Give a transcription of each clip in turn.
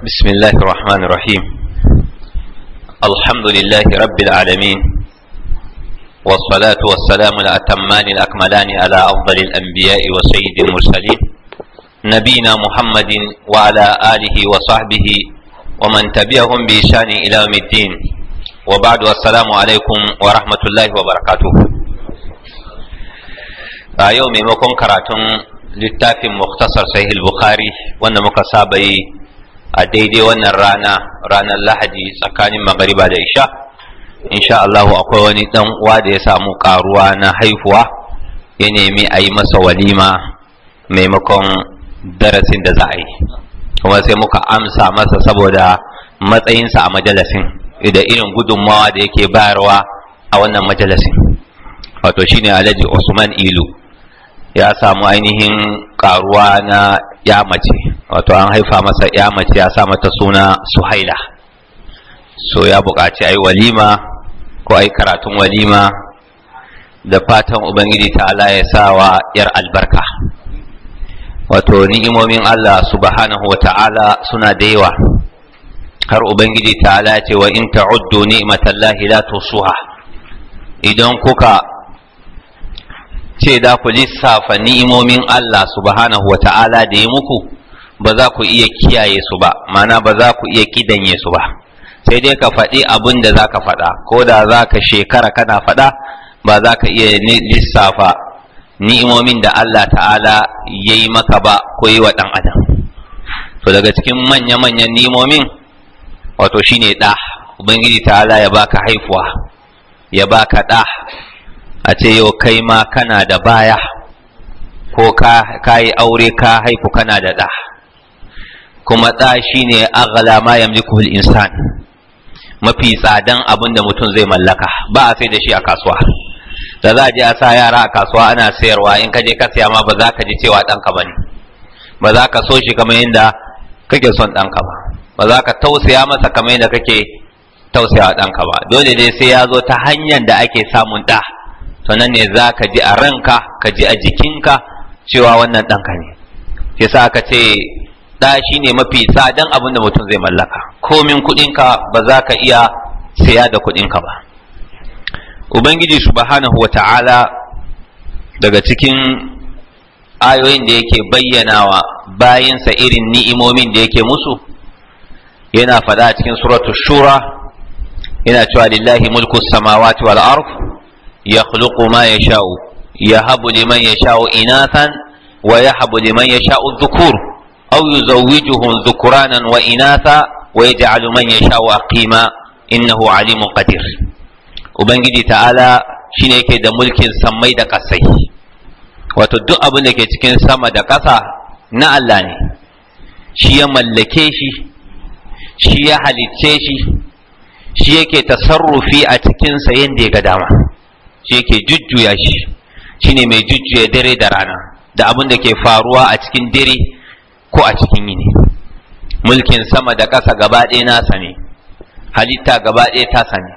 بسم الله الرحمن الرحيم الحمد لله رب العالمين والصلاة والسلام الأتمان الأكملان على أفضل الأنبياء وسيد المرسلين نبينا محمد وعلى آله وصحبه ومن تبعهم بإشان إلى يوم الدين وبعد والسلام عليكم ورحمة الله وبركاته يومي مكون كراتون karatun مختصر سيه البخاري وأن مكسابي a daidai wannan rana ranar lahadi tsakanin magariba da isha insha Allah akwai wani dan uwa da ya samu karuwa na haihuwa ya nemi a yi masa walima maimakon darasin da za a yi kuma sai muka amsa masa saboda matsayinsa a majalasin da irin gudunmawa da yake bayarwa a wannan majalasin wato shine alhaji usman ilu ya samu ainihin karuwa na ya mace wato an haifa masa ya mace ya sa mata suna suhaila so ya buƙaci ai walima ko ai karatun walima da fatan ubangiji ta'ala ya sa wa yar albarka wato ni'imomin Allah subhanahu wa ta'ala suna da yawa har ubangiji ta'ala ce wa in ta'uddu ni'matallahi la tusuha idan kuka ce da ku lissafa ni'imomin Allah subhanahu wa ta'ala da ya muku ba za ku iya kiyaye su ba mana ba za ku iya kidanye su ba sai dai ka faɗi abin da za ka faɗa ko da za ka shekara kana faɗa ba za ka iya lissafa ni'imomin da Allah ta'ala ya yi maka ba ko yi wa ɗan adam to daga cikin manya-manyan ni'imomin wato shi ne ɗa ubangiji ta'ala ya baka haifuwa ya baka ɗa a ce yau kai ma kana da baya ko ka yi aure ka haifu kana da ɗa kuma ɗa shi ne agala ma yamlikuhul insan mafi tsadan abin da mutum zai mallaka ba a sai da shi a kasuwa da za a je a sa yara a kasuwa ana sayarwa in ka je ka siya ma ba za ka ji cewa ɗanka ba ne ba za ka so shi kamar yadda kake son ɗanka ba ba za ka tausaya masa kamar yadda kake tausaya ɗanka ba dole dai sai ya zo ta hanyar da ake samun ɗa to nan ne za ka ji a ranka ka ji a jikinka cewa wannan ɗanka ne sa ka ce ɗa shi ne mafi tsadan abin da mutum zai mallaka komin kuɗinka ba za ka iya saya da kuɗinka ba ubangiji subhanahu wa ta'ala daga cikin ayoyin da yake bayyanawa bayansa irin ni'imomin da yake musu yana faɗa a cikin suratul shura yana cewa lillahi mulku samawati wal ardh yakhluqu ma yasha'u yahabu liman yasha'u inathan wa yahabu liman yasha'u dhukur aw yuzawwijuhum dhukuranan wa inatha wa yaj'alu man yasha'u aqima innahu alimun qadir ubangiji ta'ala shine yake da mulkin sammai da kasai wato duk abun da ke cikin sama da ƙasa na Allah ne shi ya mallake shi shi ya halicce shi shi yake tasarrufi a cikinsa yadda ya ga dama shi yake jujjuya shi shine mai jujjuya dare da rana da abin da ke faruwa a cikin dare ko a cikin yini mulkin sama da ƙasa gaba ɗaya nasa ne halitta gaba ɗaya ta sani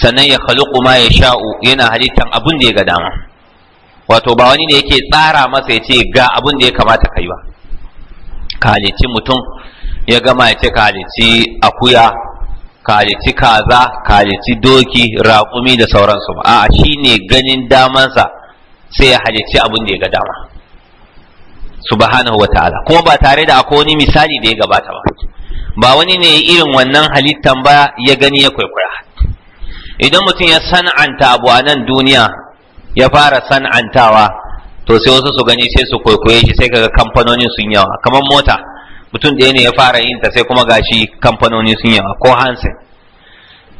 sannan ya khaluqu ma ya sha'u yana halittan abin da ya ga dama wato ba wani ne yake tsara masa ya ce ga abin da ya kamata kai ba ka halicci mutum ya gama ya ce ka halicci akuya kalici kaza kalici doki raƙumi da sauransu ba a'a ne ganin damansa sai ya halicci abin da ya ga dama subhanahu wa ta'ala kuma ba tare da akwai wani misali da ya gabata ba ba wani ne irin wannan halittan ba ya gani ya kwaikwaya idan mutum ya san'anta abu a nan duniya ya fara san'antawa to sai wasu su gani sai su kwaikwaye shi sai kaga kamfanonin sun yawa kamar mota mutum ɗaya ne ya fara yin ta sai kuma gashi kamfanoni sun yawa ko hansen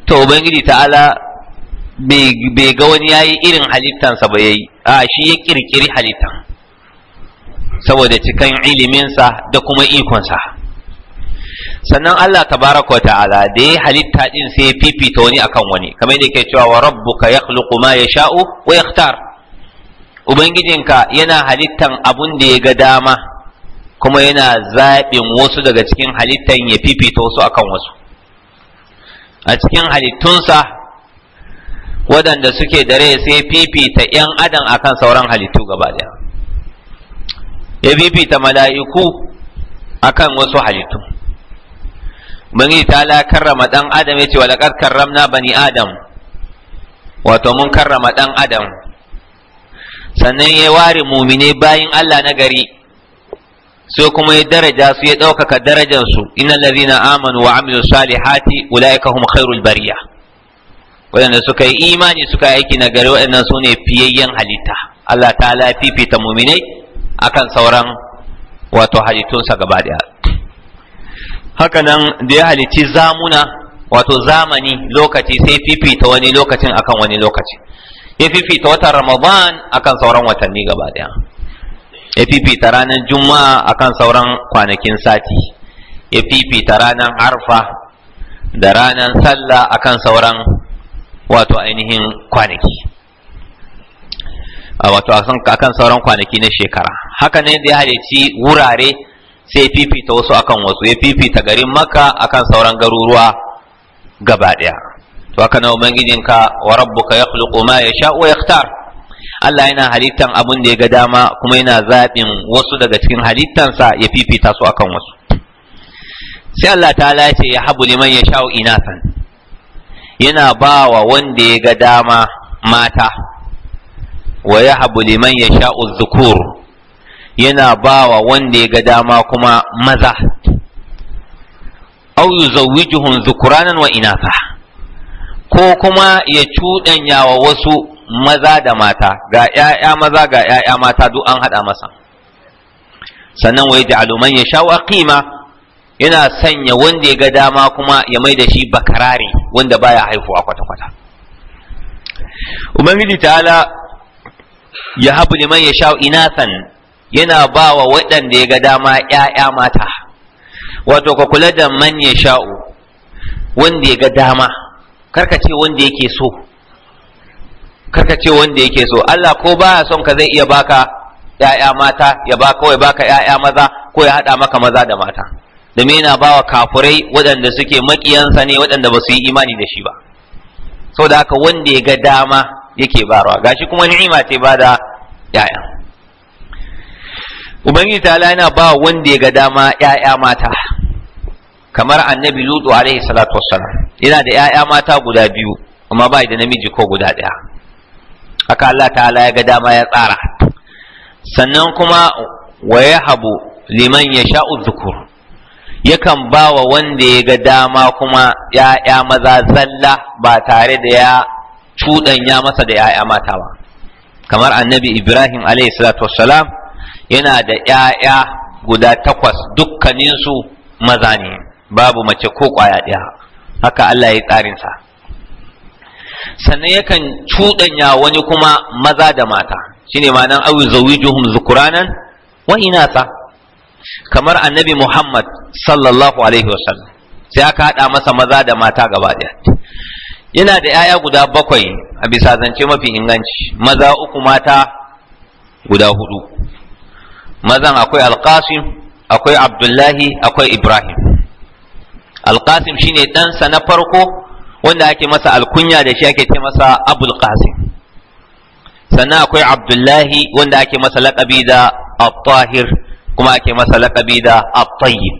to ubangiji ta'ala bai ga wani yayi irin halittansa ba yi. a shi ya kirkiri halittan saboda cikan iliminsa da kuma ikonsa sannan Allah tabaraka wa ta'ala da ya halitta din sai ya fifita wani akan wani kamar yadda yake cewa wa rabbuka yakhluqu ma yasha'u wa yakhtar ubangijinka yana halittan abun da ya ga dama kuma yana zaɓin wasu daga cikin halittan ya fifita wasu akan wasu a cikin halittunsa waɗanda suke da rai sai fifita 'yan adam akan sauran halittu gaba ɗaya ya fifita mala'iku akan wasu halittu bani ta la karrama ɗan adam ya ce walaƙar karramna bani adam wato mun karrama ɗan adam sannan ya ware mumine bayin allah na gari sai kuma ya daraja su ya ɗaukaka darajansu innal ladhina amanu wa amilu salihati ulaika hum khairul bariya waɗanda suka yi imani suka yi aiki nagari waɗannan su ne fiyayyen halitta Allah ta'ala fifita muminai akan sauran wato halittunsa gaba Haka nan da ya halicci zamuna wato zamani lokaci sai fifita wani lokacin akan wani lokaci ya fifita watan ramadan akan sauran watanni gaba ɗaya ya fifita ranar juma'a akan sauran kwanakin sati ya fifita ranar arfa da ranar sallah akan sauran wato ainihin kwanaki wato kan sauran kwanaki na shekara haka ne da ya halici wurare sai fifita wasu akan wasu ya fifita garin maka akan sauran garuruwa gaba ɗaya to haka na ubangijinka wa rabbuka yakhluqu ya yasha wa yaktar Allah yana halittan abin da ya ga dama kuma yana zaɓin wasu daga cikin halittansa ya fifita su akan wasu sai Allah ta ya ce ya habu liman ya sha'u inasan yana ba wa wanda ya ga dama mata wa ya habu liman ya sha'u zukur yana ba wa wanda ya ga dama kuma maza au yuzawwijuhum zukuranan wa inafa ko kuma ya cuɗanya wa wasu maza da mata ga ‘ya'ya maza ga ‘ya'ya mata duk an haɗa masa sannan wai da aluman ya shawo kima yana sanya wanda ya ga dama kuma ya mai da shi bakarare wanda baya haifuwa kwata-kwata ubangiji ta'ala ya habu liman ya shawo inasan yana ba wa waɗanda ya ga dama ‘ya'ya mata wato ka kula da man ya sha'o wanda ya ga dama karka ce wanda yake so karka ce wanda yake so Allah ko baya son ka zai iya baka ya'ya mata ya ba kawai baka ya'ya maza ko ya hada maka maza da mata domin yana bawa kafurai waɗanda suke makiyansa ne waɗanda ba su yi imani da shi ba saboda haka wanda ya ga dama yake barawa gashi kuma ni'ima ce ba da ya'ya ubangiji ta yana bawa wanda ya ga dama ‘ya'ya mata kamar annabi lutu alaihi salatu wassalam yana da ‘ya'ya mata guda biyu amma ba da namiji ko guda ɗaya haka Allah ta'ala ya ga dama ya tsara sannan kuma wa habu liman ya sha'u zukur yakan ba wa wanda ya ga dama kuma ‘ya'ya maza zalla ba tare da ya ya masa da ‘ya'ya mata ba kamar annabi ibrahim wassalam yana da ‘ya'ya guda takwas dukkaninsu maza ne babu mace ko kwaya ɗaya haka Allah ya tsarinsa sannan yakan cuɗanya wani kuma maza da mata shine ma'anar awi zawijuhum zukuranan wa inasa kamar annabi Muhammad sallallahu alaihi wasallam sai aka haɗa masa maza da mata gaba ɗaya yana da 'ya'ya guda bakwai a bisa zance mafi inganci maza uku mata guda hudu mazan akwai alkasim akwai abdullahi akwai ibrahim alkasim shine ɗansa na farko wanda ake masa alkunya da shi ake ce masa abul qasim sannan akwai abdullahi wanda ake masa laƙabi da at-tahir kuma ake masa laƙabi da at-tayyib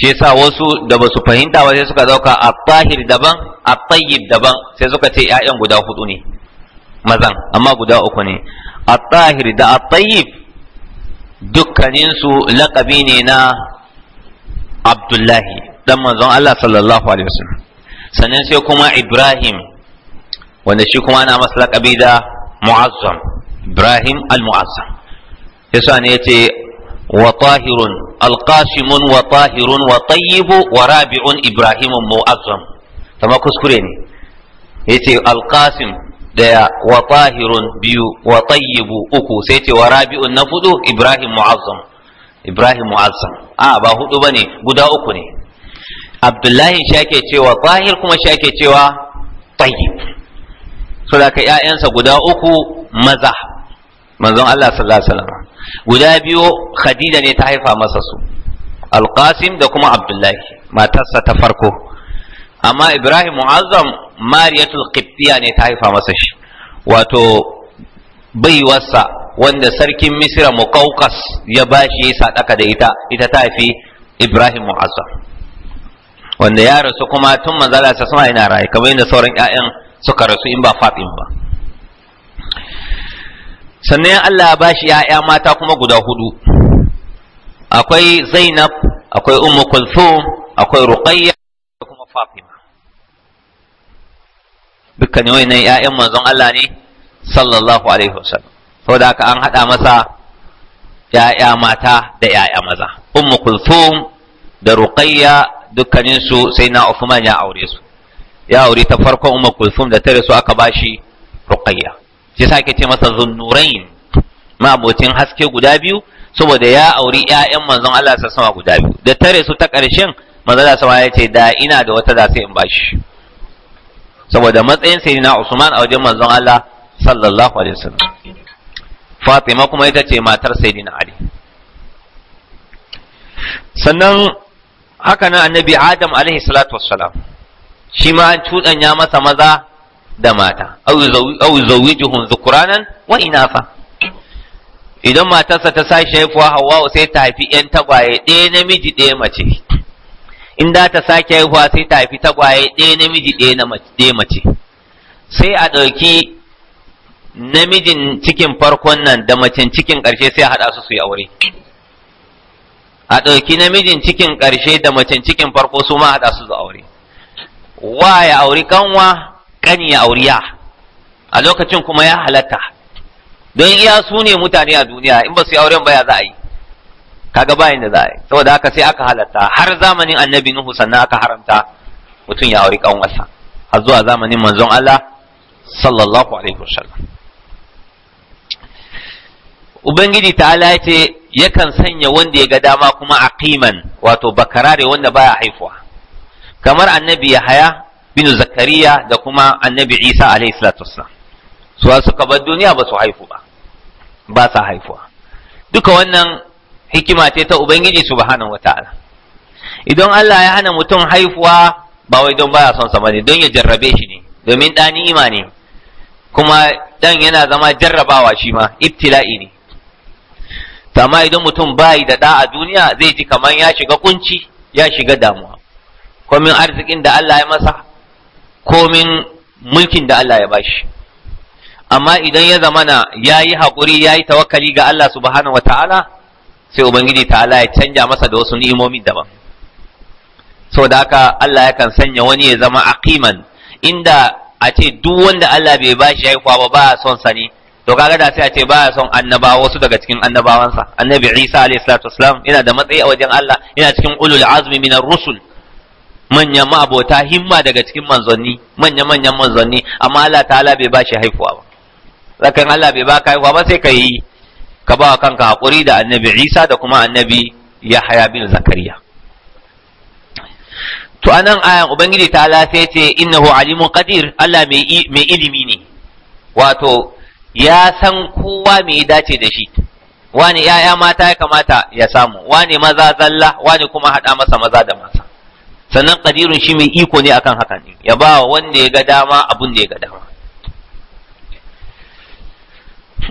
shi yasa wasu da ba su fahimta ba sai suka dauka at-tahir daban at-tayyib daban sai suka ce ƴaƴan guda hudu ne mazan amma guda uku ne at-tahir da at-tayyib dukkanin su laƙabi ne na abdullahi dan manzon Allah sallallahu alaihi wasallam sannan sai kuma ibrahim wanda shi kuma ana masa laƙabi da mu'azzam ibrahim al-mu'azzam yasa ne yace wa tahirun alqasimun wa tahirun wa tayyibu wa rabi'un ibrahimun mu'azzam kama kuskure ne yace alqasim daya wa tahirun biyu wa uku sai ce wa rabi'un na fudu ibrahim mu'azzam ibrahim ba hudu bane guda uku ne abdullahi ke cewa zahir kuma ke cewa tayyib so da ka ƴaƴansa guda uku maza manzon Allah sallallahu alaihi wasallam guda biyu Khadija ne ta haifa masa su Alqasim da kuma Abdullahi matarsa ta farko amma Ibrahim Muazzam Mariyatul Qibtiyya ne ta haifa masa shi wato baiwarsa wanda sarkin Misra Muqawqas ya bashi ya sadaka da ita ita ta haifi Ibrahim Muazzam wanda ya rasu kuma tun manzala sa sama yana raye kamar yadda sauran ƴaƴan suka rasu in ba fatim ba sannan Allah ya bashi ƴaƴa mata kuma guda hudu akwai Zainab akwai Ummu Kulthum akwai Ruqayyah, da kuma Fatima dukkanin wayannan ƴaƴan manzon Allah ne sallallahu alaihi wasallam saboda haka an hada masa ƴaƴa mata da ƴaƴa maza Ummu Kulthum da Ruqayya dukkaninsu sai na Uthman ya aure su ya aure ta farkon Umar Kulsum da tare su aka bashi Ruqayya shi sake ake ce masa Zunnurain ma abocin haske guda biyu saboda ya aure ƴaƴan manzon Allah sa sama guda biyu da tare su ta ƙarshen manzon Allah sama ya ce da ina da wata da sai in bashi saboda matsayin sayyidina Uthman a wajen manzon Allah sallallahu alaihi wasallam Fatima kuma ita ce matar sayyidina Ali sannan haka nan annabi adam alaihi salatu wassalam shi ma an ya masa maza da mata au zawijuhun zukuranan wa inafa idan matarsa ta sa haifuwa hawa sai ta haifi yan tagwaye ɗaya namiji ɗaya mace in da ta sake haihuwa sai ta haifi tagwaye ɗaya namiji ɗaya mace sai a ɗauki namijin cikin farkon nan da macen cikin ƙarshe sai a haɗa su su yi aure a ɗauki namijin cikin ƙarshe da macen cikin farko su ma haɗa su zuwa aure wa ya auri kanwa ƙan ya auriya a lokacin kuma ya halatta don iya su ne mutane a duniya in ba su yi auren ba ya za a yi kaga bayan da za a yi saboda haka sai aka halatta har zamanin annabi nuhu sannan aka haramta mutum ya auri kanwarsa har zuwa zamanin manzon Allah sallallahu alaihi wasallam ubangiji ta ce yakan sanya wanda ya ga dama kuma aqiman wato bakarare wanda baya haifuwa kamar annabi Yahaya bin Zakariya da kuma annabi Isa alaihi salatu wassalam su suka bar duniya ba su haifu ba ba sa haifuwa duka wannan hikima ce ta Ubangiji subhanahu wataala idan Allah ya hana mutum haifuwa ba wai don baya son sa bane don ya jarrabe shi ne domin ɗani imani kuma dan yana zama jarrabawa shi ma ibtila'i ne to amma idan mutum bai da da a duniya zai ji kamar ya shiga kunci ya shiga damuwa komin arzikin da Allah ya masa komin mulkin da Allah ya bashi amma idan ya zamana ya yi haƙuri ya yi tawakkali ga Allah subhanahu wa ta'ala sai Ubangiji ta'ala ya canja masa da wasu ni'imomi daban saboda haka Allah yakan sanya wani ya zama aqiman inda a ce duk wanda Allah bai bashi haihuwa ba ba son sa ne to kaga da sai a ce ba ya son annabawa wasu daga cikin annabawansa annabi Isa alayhi salatu wasalam yana da matsayi a wajen Allah yana cikin ulul azmi minar rusul manyan ma'abota himma daga cikin manzanni manya manyan manzanni amma Allah ta'ala bai ba shi haifuwa ba zakan Allah bai ba ka haifuwa ba sai ka yi ka ba kanka hakuri da annabi Isa da kuma annabi Yahya bin Zakariya to anan ayan ubangiji ta'ala sai ce innahu alimun qadir Allah mai ilimi ne wato ya san kowa me dace da shi wani ya'ya mata ya kamata ya samu wani maza zalla wani kuma haɗa masa maza da mata sannan kadirun shi mai iko ne akan haka ne ya ba wanda ya ga dama abun da ya ga dama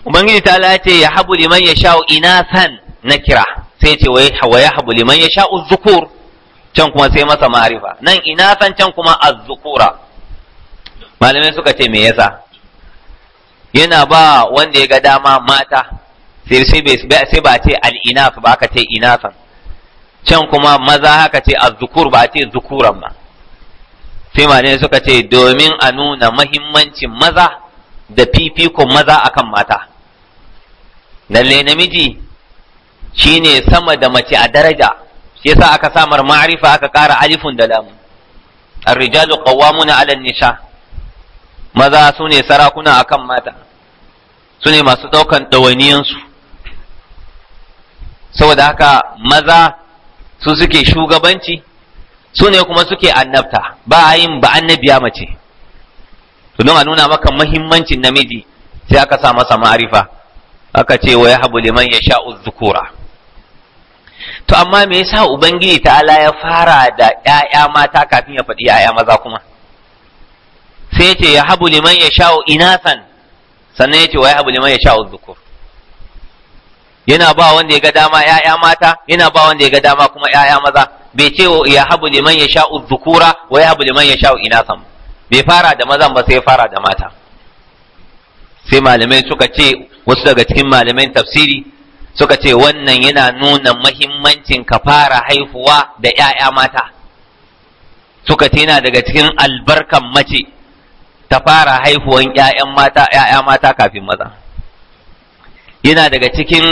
ubangiji ta ce ya habu liman ya sha'u inasan na kira sai ce wa ya habu liman ya sha'u zukur can kuma sai masa ma'arifa nan inasan can kuma azzukura malamai suka ce me yasa yana ba wanda ya ga dama mata sai ba ce al'inaf ba aka ce inafan can kuma maza haka ce azzukur ba ce zukuran ba sai ne suka ce domin a nuna mahimmancin maza da fifiko maza akan mata lalle namiji shine sama da mace a daraja shi yasa aka samar ma'arifa aka ƙara alifun da lamu ar-rijalu qawwamuna 'ala nisa maza su ne sarakuna akan mata su ne masu ɗaukan ɗawainiyansu saboda haka maza su suke shugabanci su ne kuma suke annabta ba a yin ba annabiya mace su nuna maka mahimmancin namiji sai aka sa masa ma'arifa aka ce wa ya habu liman sha dhukura to amma me yasa ubangiji ta'ala ya fara da ƴaƴa mata kafin ya faɗi ƴaƴa maza kuma sai ce ya habu liman yasha'u inasan sannan ya ce wa ya abu liman ya sha uzukur yana ba wanda ya ga dama ‘ya'ya mata yana ba wanda ya ga dama kuma ‘ya'ya maza bai ce wa ya habu liman ya sha uzukura wa ya habu liman ya sha sam? bai fara da mazan ba sai fara da mata sai malamai suka ce wasu daga cikin malamai tafsiri suka ce wannan yana nuna mahimmancin ka fara haifuwa da ‘ya'ya mata suka ce yana daga cikin albarkan mace ta fara haihuwan ‘ya'yan mata, ‘ya'ya mata kafin maza. Yana daga cikin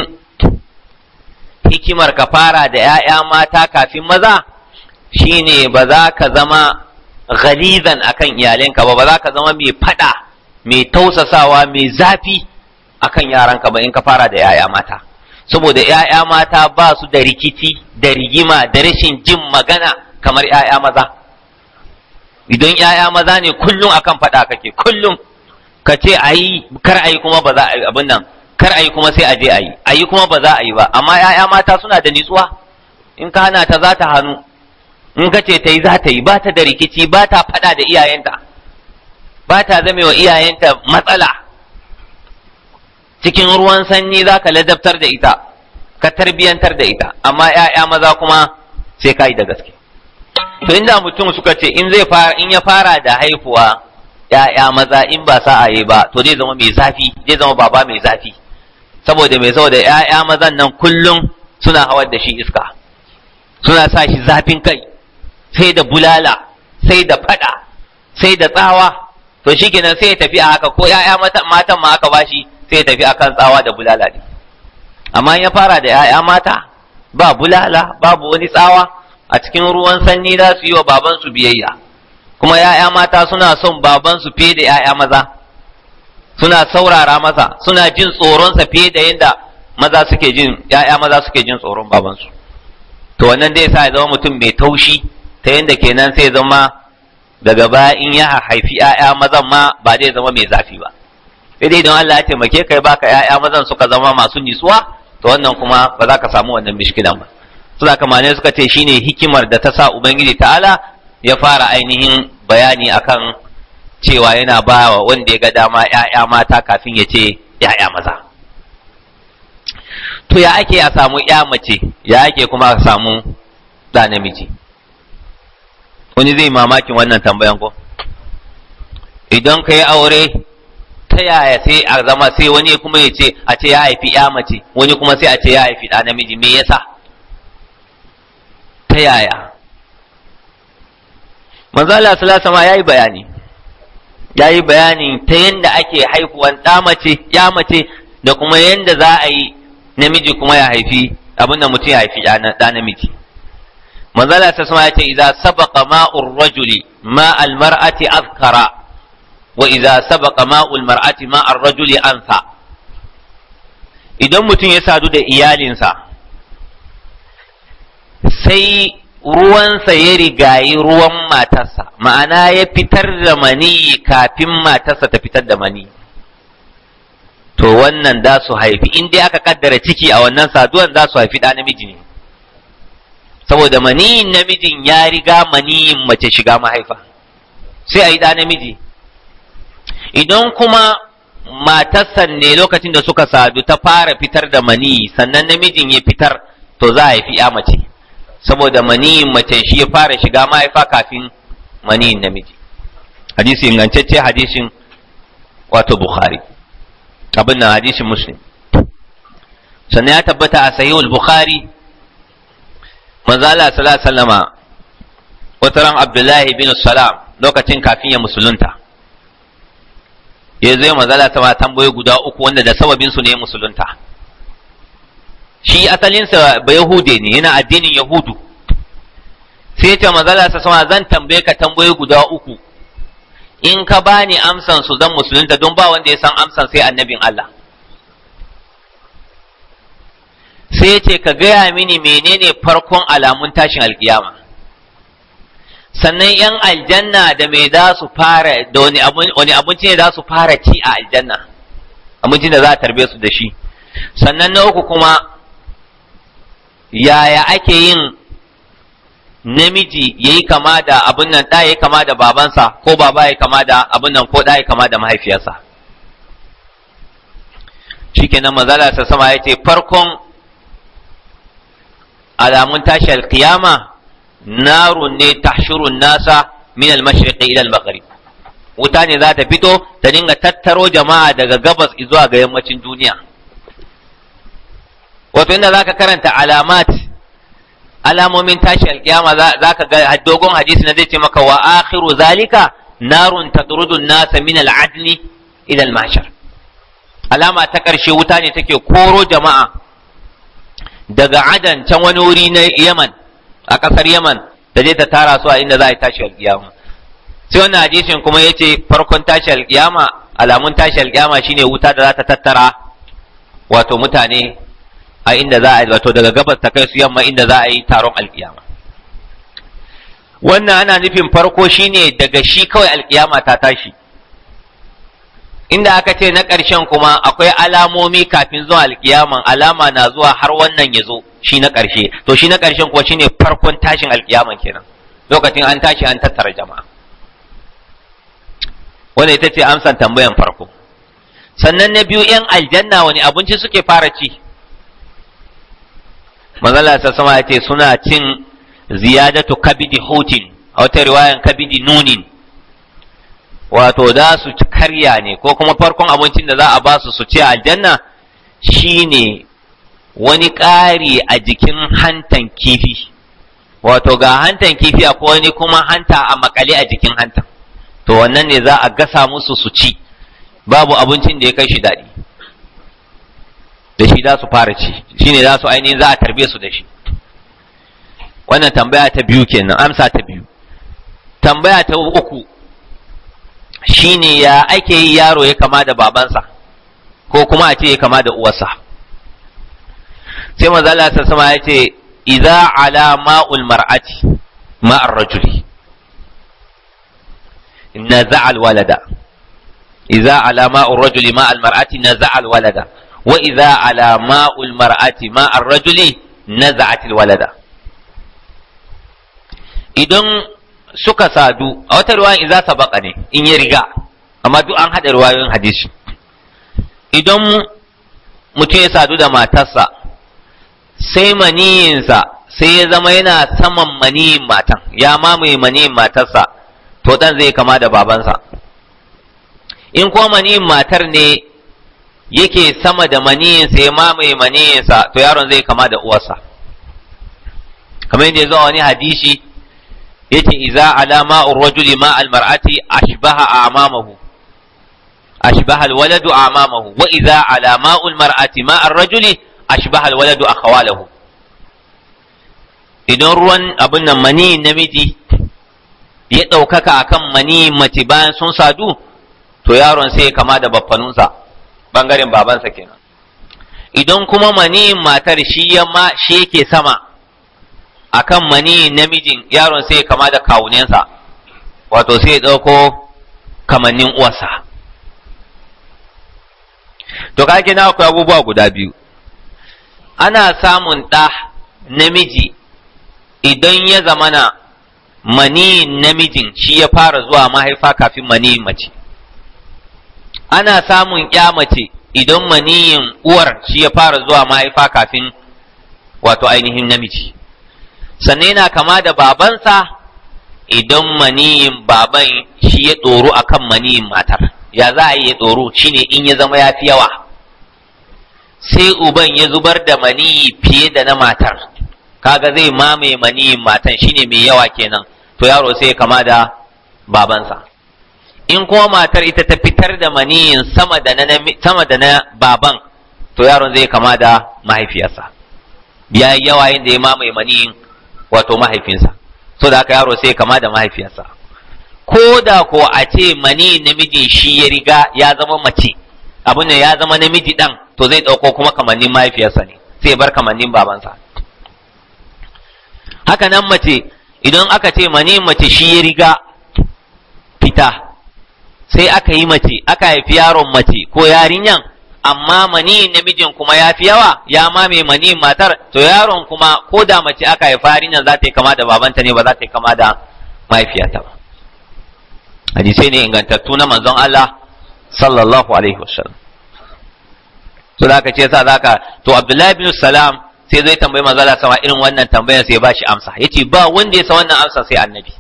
hikimar ka fara da ‘ya'ya mata kafin maza shine ba za ka zama ghalizan akan iyalinka ba, ba za ka zama mai faɗa mai tausasawa, mai zafi akan yaranka ba in ka fara da ‘ya'ya mata. Saboda ‘ya'ya mata ba su da rikici, da rigima, da rashin jin magana kamar ‘ya'ya maza. idan ‘ya'ya maza ne kullum akan faɗa kake kullum ka ce a yi kar a yi kuma ba za a yi abin nan kar a yi kuma sai a je a yi a yi kuma ba za a yi ba amma ‘ya'ya mata suna da nitsuwa in ka hana ta za ta hannu in ka ce ta yi za ta yi ba ta da rikici ba ta faɗa da iyayenta ba ta zame wa iyayenta matsala cikin ruwan sanyi za ka ladabtar da ita ka tarbiyantar da ita amma ‘ya'ya maza kuma sai ka yi da gaske to inda mutum suka ce in zai fara in ya fara da haifuwa ya'ya maza in ba sa a yi ba to zai zama mai zafi zai zama baba mai zafi saboda mai saboda ya'ya mazan nan kullum suna hawar da shi iska suna sa shi zafin kai sai da bulala sai da fada sai da tsawa to shikenan sai ya tafi a haka ko ya'ya matan ma aka bashi sai ya tafi akan tsawa da bulala ne amma in ya fara da ya'ya mata ba bulala babu wani tsawa a cikin ruwan sanyi za su yi wa babansu biyayya kuma ‘ya'ya mata suna son babansu fiye da ‘ya'ya maza suna saurara masa suna jin tsoronsa fiye da yadda maza suke jin ‘ya'ya maza suke jin tsoron babansu to wannan dai sa ya zama mutum mai taushi ta yadda kenan sai zama daga baya in ya haifi ‘ya'ya maza ma ba zai zama mai zafi ba sai dai don Allah ya taimake kai baka ‘ya'ya mazan suka zama masu nitsuwa to wannan kuma ba za ka samu wannan mishkilan ba suna kamane suka ce shine hikimar da ta sa ubangiji ta'ala ya fara ainihin bayani akan cewa yana ba wa wanda ya ga dama ‘ya'ya mata kafin ya ce ‘ya'ya maza. To ya ake a samu ‘ya mace, ya ake kuma a samu ɗa namiji. Wani zai mamakin wannan tambayan ko? Idan ka yi aure, ta yaya sai a zama sai wani kuma ya ce a ce ya haifi ‘ya mace, wani kuma sai a ce ya haifi ɗa namiji, me yasa? ta yaya manzala salasa ma ya yi bayani ya yi bayani ta yadda ake haifuwan ɗa mace ya mace da kuma yadda za a yi namiji kuma ya haifi abin da mutum ya haifi ɗa namiji manzala salasa ya ce iza sabaka ma'ur rajuli ma almar'ati azkara wa iza sabaka ma'ul mar'ati ma ar rajuli ansa idan mutum ya sadu da iyalinsa sai ruwansa ya rigayi ruwan matarsa ma'ana ya fitar da mani kafin matarsa ta fitar da mani to wannan za su haifi in dai aka kaddara ciki a wannan saduwan za su haifi ɗa namiji ne saboda mani namijin ya riga mani mace shiga mahaifa sai a yi ɗa namiji idan kuma matarsa ne lokacin da suka sadu ta fara fitar da mani, sannan namijin ya fitar to za a haifi ya mace saboda maniyin mace shi ya fara shiga mahaifa kafin maniyin namiji hadisi ingantacce hadisin wato bukhari abin nan hadisin muslim sannan ya tabbata a sahihul bukhari manzo Allah sallallahu alaihi wasallama abdullahi bin salam lokacin kafin ya musulunta ya zai manzo Allah sama tambaye guda uku wanda da sababin su ne musulunta shi asalinsa ba yahude ne yana addinin yahudu sai ta sa sama zan tambaye ka tambaye guda uku in ka bani amsan su zan musulunta don ba wanda ya san amsan sai annabin Allah sai ce ka gaya mini menene farkon alamun tashin alkiyama sannan yan aljanna da me za su fara da wani abinci ne za su fara ci a aljanna abincin da za a tarbe su da shi sannan na uku kuma yaya ake yin namiji ya yi kama da abin nan ɗa ya kama da babansa ko baba ya kama da abin nan ko ɗa ya kama da mahaifiyarsa shikenan manzala sa sama ya ce farkon alamun tashi alkiyama runne ne tahshurun nasa min almashriqi ila almaghrib wuta ne za ta fito ta dinga tattaro jama'a daga gabas zuwa ga yammacin duniya wato inda ka karanta alamat alamomin tashi alkiyama zaka ga dogon hadisi na zai ce maka wa akhiru zalika narun tadrudu nasa min al'adni ila al-mahshar alama ta karshe wuta ne take koro jama'a daga adan can wani wuri na yaman a kasar yaman da zai ta tara su a inda za a yi tashi alkiyama sai wannan hadisin kuma yace farkon tashi alkiyama alamun tashi alkiyama shine wuta da za ta tattara wato mutane a inda za a wato daga gabas ta kai su yamma inda za a yi taron alkiyama wannan ana nufin farko shine daga shi kawai alkiyama ta tashi inda aka ce na ƙarshen kuma akwai alamomi kafin zuwa alkiyama alama na zuwa har wannan ya zo shi na ƙarshe to shi na ƙarshen kuwa shine farkon tashin alkiyama kenan lokacin an tashi an tattara jama'a Wani ita ce amsan tambayan farko sannan na biyu yan aljanna wani abinci suke fara ci manzala ta sama ya ce suna cin ziyadatu kabidi hutin a wata riwayan kabidi nunin wato za su karya ne ko kuma farkon abincin da za a ba su su ci aljanna shine wani ƙari a jikin hantan kifi wato ga hantan kifi akwai wani kuma hanta a makale a jikin hantan to wannan ne za a gasa musu su ci babu abincin da ya kai shi daɗi za su fara ci shine za su ainihin za a tarbe su da shi wannan tambaya ta biyu kenan amsa ta biyu tambaya ta uku shine ya ake yi yaro ya kama da babansa ko kuma a ce ya kama da uwarsa sai manzo Allah sama ya ce idza ala ma'ul mar'ati ma'ar rajuli naza'a al walada idza ala ma'ul rajuli ma'al mar'ati naza'a al walada wa idza ala ma'ul mar'ati ma'ar rajuli naza'atil walada idan suka sadu a wata ruwa iza idza baka ne in ya riga amma duk an haɗa ruwayoyin hadisi idan mutum ya sadu da matarsa sai maniyinsa sai ya zama yana saman maniyin matan ya mamaye maniyin matarsa to dan zai kama da babansa in kuma maniyin matar ne yake sama da maniyinsa ya mamaye maniyinsa to yaron zai kama da uwarsa kamar yadda ya zo wani hadisi yace iza alama urrajuli ma almar'ati ashbaha amamahu ashbaha alwaladu a amamahu wa iza alama almar'ati ma arrajuli ashbaha alwaladu a akhawalahu idan ruwan abin nan mani namiji ya ɗaukaka akan mani mace bayan sun sadu to yaron sai ya kama da baffanunsa bangaren babansa kenan idan kuma maniyin matar shi yamma shi yake sama akan maniyin namijin yaron sai kama da kawunensa wato sai ɗauko kamannin uwarsa to kake na akwai abubuwa guda biyu ana samun ɗa namiji idan ya zamana maniyin namijin shi ya fara zuwa mahaifa kafin maniyin mace ana samun mace idan maniyin uwar shi ya fara zuwa mahaifa kafin wato ainihin namiji sannan yana kama da babansa idan maniyin baban shi ya tsoro kan maniyin matar ya za a yi ya tsoro ne in ya zama ya fi yawa sai uban ya zubar da maniyi fiye da na matar kaga zai mamaye maniyin matan ne mai yawa kenan to yaro sai ya kama da babansa in kuma matar ita ta fitar da maniyin sama da na sama da baban to yaron zai kama da mahaifiyarsa ya yi yawa yadda ya mamaye maniyin wato mahaifinsa so da haka yaro sai kama da mahaifiyarsa ko da ko a ce maniyin namijin shi ya riga ya zama mace abin ya zama namiji dan to zai dauko kuma kamannin mahaifiyarsa ne sai bar kamannin babansa haka nan mace idan aka ce maniyin mace shi ya riga fita sai aka yi mace aka haifi yaron mace ko yarinyan amma mani namijin kuma ya fi yawa ya mame mani matar to yaron kuma ko da mace aka haifa yarinyan za ta yi kama da babanta ne ba za ta yi kama da mahaifiyata ba hadisai ne ingantattu na manzon Allah sallallahu alaihi wasallam to da ka ce sa zaka to Abdullahi bin Salam sai zai tambayi manzon Allah sama irin wannan tambayar sai ba shi amsa yace ba wanda ya sa wannan amsa sai annabi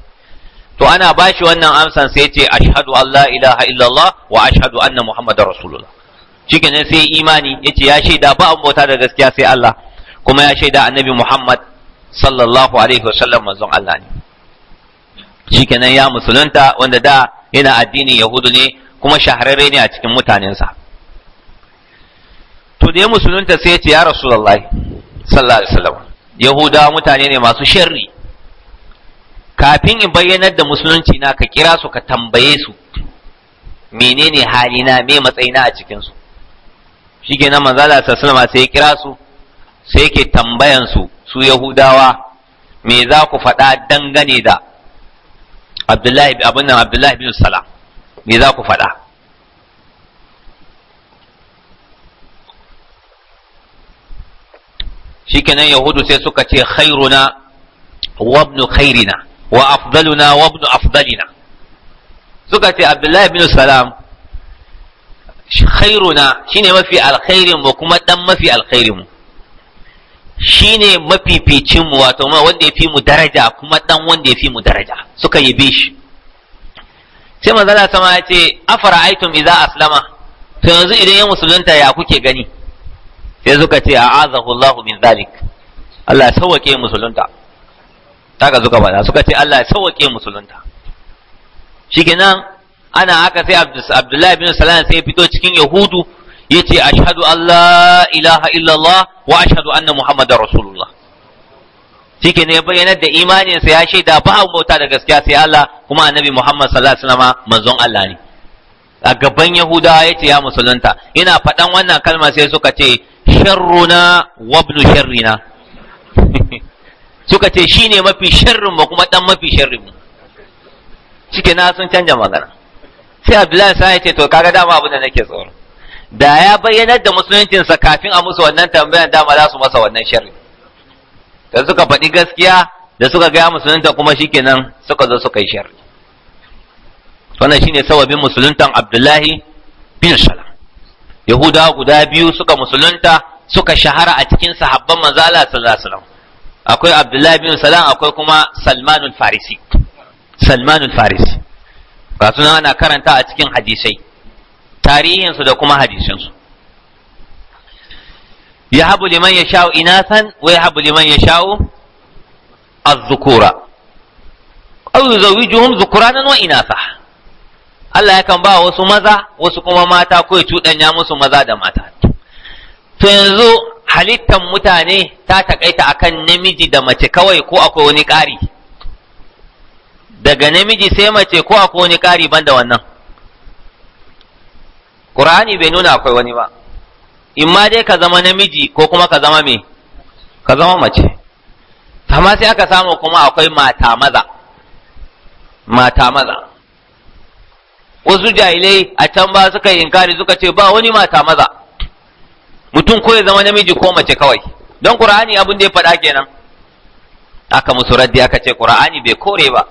to ana ba shi wannan amsan sai ce ashhadu Allah, la ilaha illallah wa ashhadu anna muhammadar rasulullah shikenan sai imani yace ya shaida ba an bauta da gaskiya sai Allah kuma ya shaida annabi Muhammad sallallahu alaihi wasallam manzon Allah ne nan ya musulunta wanda da yana addinin yahudu ne kuma shahararre ne a cikin mutanensa to da ya musulunta sai ya ce ya rasulullahi sallallahu alaihi wasallam yahuda mutane ne masu sharri kafin in bayyanar da musulunci na ka kira su ka tambaye su menene halina me matsayina a cikin su shikenan manzo Allah sallallahu alaihi sai ya kira su sai yake tambayan su su yahudawa me za ku faɗa dangane da Abdullahi abin Abdullahi bin Salam me za ku faɗa shikenan yahudu sai suka ce khairuna wa ibn khairina wa afdaluna wa ibnu afdalina suka ce abdullahi bin salam khairuna shine mafi alkhairin mu kuma dan mafi alkhairin mu shine mafificin mu wato ma wanda yafi mu daraja kuma dan wanda yafi mu daraja suka yi shi sai manzala sama ya ce afara aitum idza aslama to yanzu idan ya musulunta ya kuke gani sai suka ce a'azahu Allahu min zalik Allah ya sauwake musulunta Ta taka suka bada suka ce Allah ya sauke musulunta shikenan ana haka sai Abdullahi bin Salam sai fito cikin Yahudu ya ce ashadu Allah ilaha illallah wa ashhadu anna muhammadar rasulullah shike ne bayyanar da imanin sa ya shaida ba bauta da gaskiya sai Allah kuma annabi Muhammad sallallahu alaihi wasallam manzon Allah ne a gaban Yahudawa ce ya musulunta ina faɗan wannan kalma sai suka ce sharruna wa ibn sharrina suka ce shi ne mafi sharrin mu kuma dan mafi sharrin mu cike na sun canja magana sai abdullahi sai ce to kaga dama abin da nake tsoro da ya bayyanar da musuluncinsa kafin a musu wannan tambayan dama za su masa wannan sharri da suka faɗi gaskiya da suka gaya musulunta kuma shikenan suka zo suka yi sharri wannan shine sababin musuluntan abdullahi bin salam yahudawa guda biyu suka musulunta suka shahara a cikin sahabban manzala sallallahu alaihi wasallam akwai abdullahi bin salam akwai kuma salmanul farisi salmanul farisi ga suna ana karanta a cikin hadisai tarihinsu da kuma hadisinsu ya habu liman ya sha'u inasan wa ya habu liman ya sha'u azzukura au yuzawijuhum zukuranan wa inasa Allah yakan ba wasu maza wasu kuma mata ko ya cuɗanya musu maza da mata to yanzu halittan mutane ta taƙaita akan namiji da mace kawai ko akwai wani ƙari daga namiji sai mace ko akwai wani ƙari banda wannan ƙur'ani bai nuna akwai wani ba in ma dai ka zama namiji ko kuma ka zama me ka zama mace amma sai aka samu kuma akwai mata maza mata maza wasu jahilai a can ba suka yi inkari suka ce ba wani mata maza mutum ko ya zama namiji ko mace kawai don ƙur'ani abin da ya faɗa kenan aka musu raddi aka ce ƙur'ani bai kore ba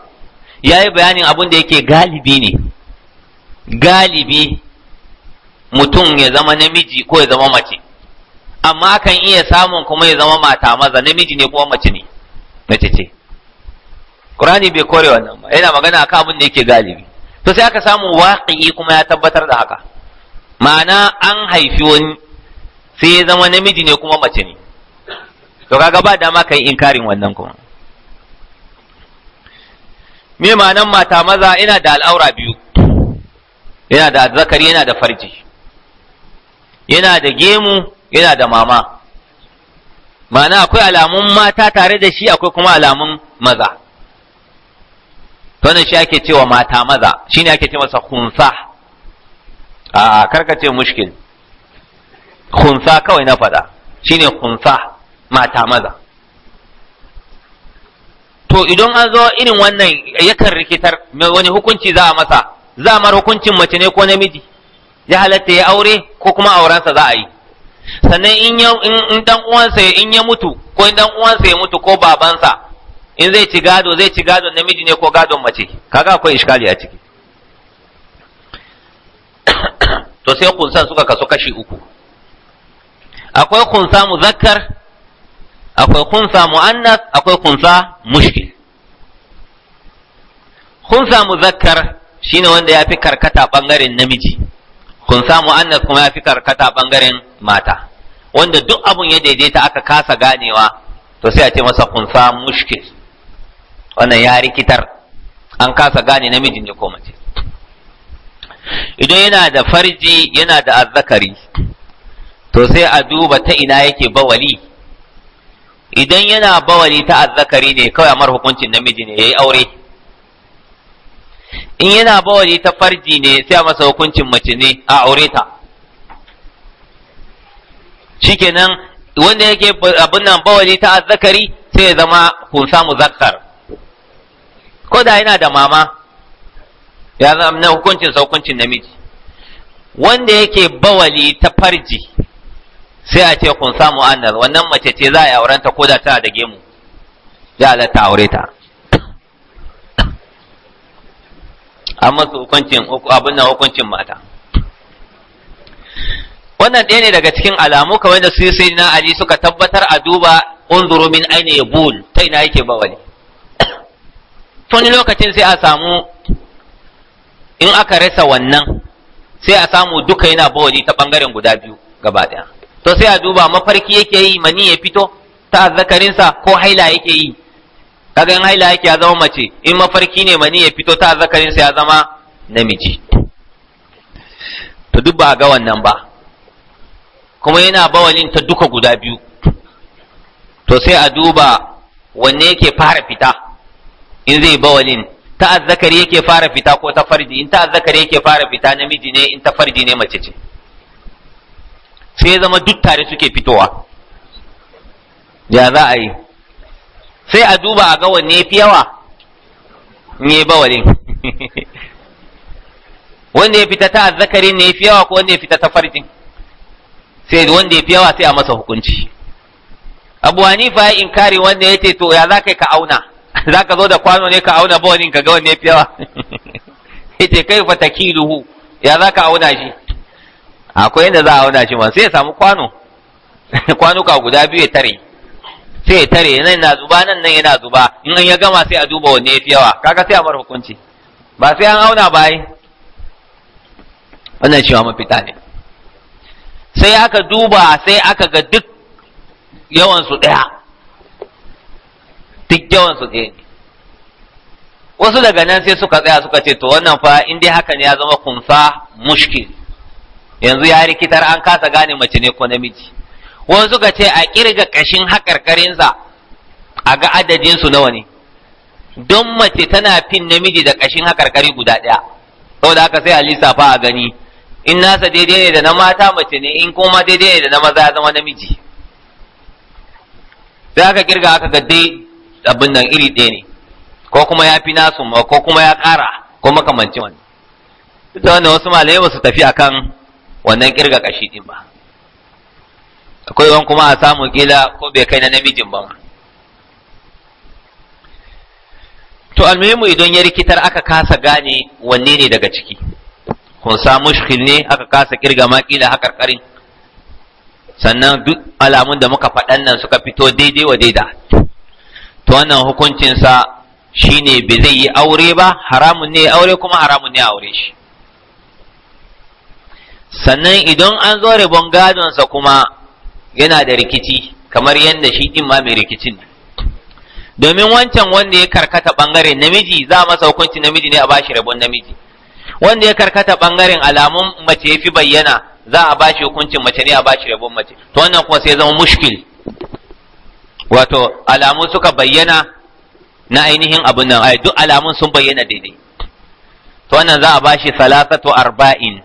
Ya yi bayanin abin da yake galibi ne galibi mutum ya zama namiji ko ya zama mace amma kan iya samun kuma ya zama mata maza namiji ne kuma mace ne mace ce Ƙur'ani bai kore wannan ba yana magana akan abin da yake galibi to sai aka samu waqi'i kuma ya tabbatar da haka ma'ana an haifi wani sai ya zama namiji ne kuma mace ne to kaga ba dama ka yi inkarin wannan kuma me ma'anan mata maza ina da al'aura biyu yana da zakari yana da farji yana da gemu yana da mama ma'ana akwai alamun mata tare da shi akwai kuma alamun maza wannan shi ake cewa mata maza shine ake ce masa hunsa a karkace mushkil khunsa kawai na faɗa shine khunsa mata maza to idan an zo irin wannan yakan rikitar wani hukunci za a masa za mar hukuncin mace ne ko namiji ya halatta ya aure ko kuma aurensa za a yi sannan in in dan uwansa in ya mutu ko in dan uwansa ya mutu ko babansa in zai ci gado zai ci gado namiji ne ko gadon mace kaga akwai iskali a ciki to sai kunsan suka kaso kashi uku akwai kunsa muzakkar akwai kunsa mu'annas akwai kunsa mushkil kunsa muzakkar shine wanda ya fi karkata bangaren namiji kunsa mu'annas kuma yafi karkata bangaren mata wanda duk abun ya daidaita aka kasa ganewa to sai a ce masa kunsa mushkil wannan ya rikitar an kasa gane namiji ne ko mace idan yana da farji yana da azzakari to sai a duba ta ina yake bawali idan yana bawali ta azzakari ne kawai amar hukuncin namiji ne ya yi aure in yana bawali ta farji ne sai a masa hukuncin mace ne a aure ta shikenan wanda yake abin nan bawali ta azzakari sai ya zama samu zakar. ko da yana da mama ya zama hukuncin sa hukuncin namiji wanda yake bawali ta farji sai a ce kun samu annar wannan mace ce za a yi aurenta ko da tana da gemu ya halatta aure ta amma su hukuncin abin nan hukuncin mata wannan ɗaya ne daga cikin alamu kamar da su sai na ali suka tabbatar a duba unzuru min aini ya bul ta ina yake bawali tun lokacin sai a samu in aka rasa wannan sai a samu duka yana bawali ta bangaren guda biyu gaba ɗaya to sai a duba mafarki yake yi mani ya fito ta azzakarinsa ko haila yake yi kaga in haila yake ya zama mace in mafarki ne mani ya fito ta azzakarinsa ya zama namiji to duk ba ga wannan ba kuma yana bawalin ta duka guda biyu to sai a duba wanne yake fara fita in zai bawalin ta azzakari yake fara fita ko ta farji in ta azzakari yake fara fita namiji ne in ta farji ne mace ce sai zama duk tare suke fitowa ya za a yi sai a duba a ga wanne fi yawa ne bawalin wanda ya fita ta azzakari ne fi yawa ko wanda ya fita ta farjin sai wanda ya fi yawa sai a masa hukunci abu hanifa ya inkari wanda ya ce to ya za ka ka auna za ka zo da kwano ne ka auna bawalin ka ga wanda ya fi yawa ya ce kai fa takiluhu ya za ka auna shi akwai inda za a wada shi ma sai ya samu kwano kwanuka guda biyu ya tare sai ya tare nan na zuba nan nan yana zuba in an ya gama sai a duba wanne yafi yawa kaga sai a mar hukunci ba sai an auna ba yi wannan cewa mafita ne sai aka duba sai aka ga duk yawan su ɗaya duk yawan su ɗaya ne wasu daga nan sai suka tsaya suka ce to wannan fa in dai haka ne ya zama kunfa mushkil yanzu ya rikitar an kasa gane mace ne ko namiji wani suka ce a kirga kashin haƙarƙarinsa a ga adadinsu nawa ne don mace tana fin namiji da kashin haƙarƙari guda ɗaya saboda haka sai a lissafa a gani in nasa daidai ne da na mata mace ne in kuma daidai ne da na maza ya zama namiji sai aka kirga aka ga dai abin nan iri ɗaya ne ko kuma ya fi nasu ko kuma ya ƙara ko makamancin wani duk da wannan wasu malamai ba su tafi akan wannan kirga kashi din ba akwai wani kuma a samu kila ko bai kai na namijin ba to almuhimu idan ya rikitar aka kasa gane wanne ne daga ciki kun sa mushkil ne aka kasa kirga ma kila karin sannan duk alamun da muka faɗan nan suka fito daidai wa daida to wannan hukuncinsa shine bai zai yi aure ba haramun ne aure kuma haramun ne aure shi sannan idan an zo rabon gadonsa kuma yana da rikici kamar yadda shi ɗin ma mai rikicin domin wancan wanda ya karkata ɓangaren namiji za a masa hukunci namiji ne a bashi rabon namiji wanda ya karkata ɓangaren alamun mace ya fi bayyana za a bashi hukuncin mace ne a bashi rabon mace to wannan kuma sai zama mushkil wato alamu suka bayyana na ainihin abun nan ai duk alamun sun bayyana daidai to wannan za a bashi salasatu arba'in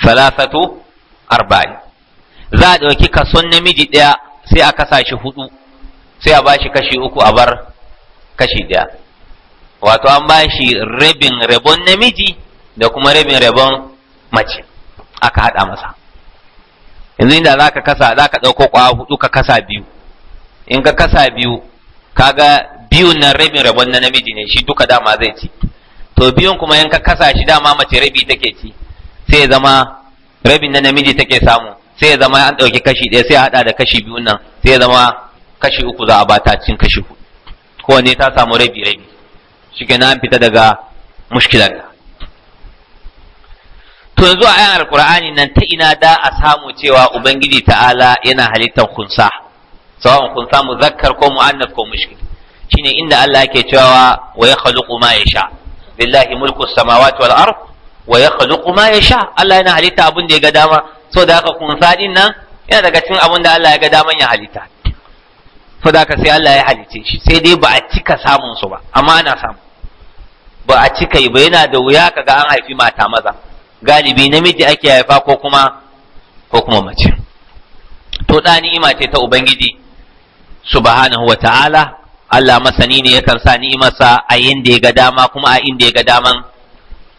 falafatu arba'in za a ɗauki kason namiji ɗaya sai a kasa shi hudu sai a ba shi kashi uku a bar kashi ɗaya wato an ba shi rabin rabon namiji da kuma rabin rabon mace aka haɗa masa yanzu inda za ka kasa za ka ɗauko kwa hudu ka kasa biyu in ka kasa biyu ka ga biyun nan rabin rabon na namiji ne shi duka dama zai ci to biyun kuma in ka kasa shi dama mace rabi take ci sai zama rabin na namiji take samu sai zama an ɗauki kashi ɗaya sai haɗa da kashi biyu nan sai zama kashi uku za a bata cikin kashi hudu kowanne ta samu rabi rabi shi an fita daga mushkilar to yanzu a ayan alkur'ani nan ta ina da a samu cewa ubangiji ta'ala yana halittar kunsa sawan kunsa muzakkar ko mu'annas ko mushkil shine inda Allah yake cewa wa ya khaliqu ma yasha billahi mulku samawati wal ard wa ya kuma ya sha? Allah yana halitta abin da ya ga dama so da haka kunsa din nan yana daga cikin abin da Allah ya ga daman ya halitta so da haka sai Allah ya halice shi sai dai ba a cika samun su ba amma ana samu ba a cika yi ba yana da wuya ka ga an haifi mata maza galibi namiji ake haifa ko kuma ko kuma mace to da ni'ima ce ta ubangiji subhanahu wa ta'ala Allah masani ne yakan sa ni'imarsa a da ya ga dama kuma a inda ya ga daman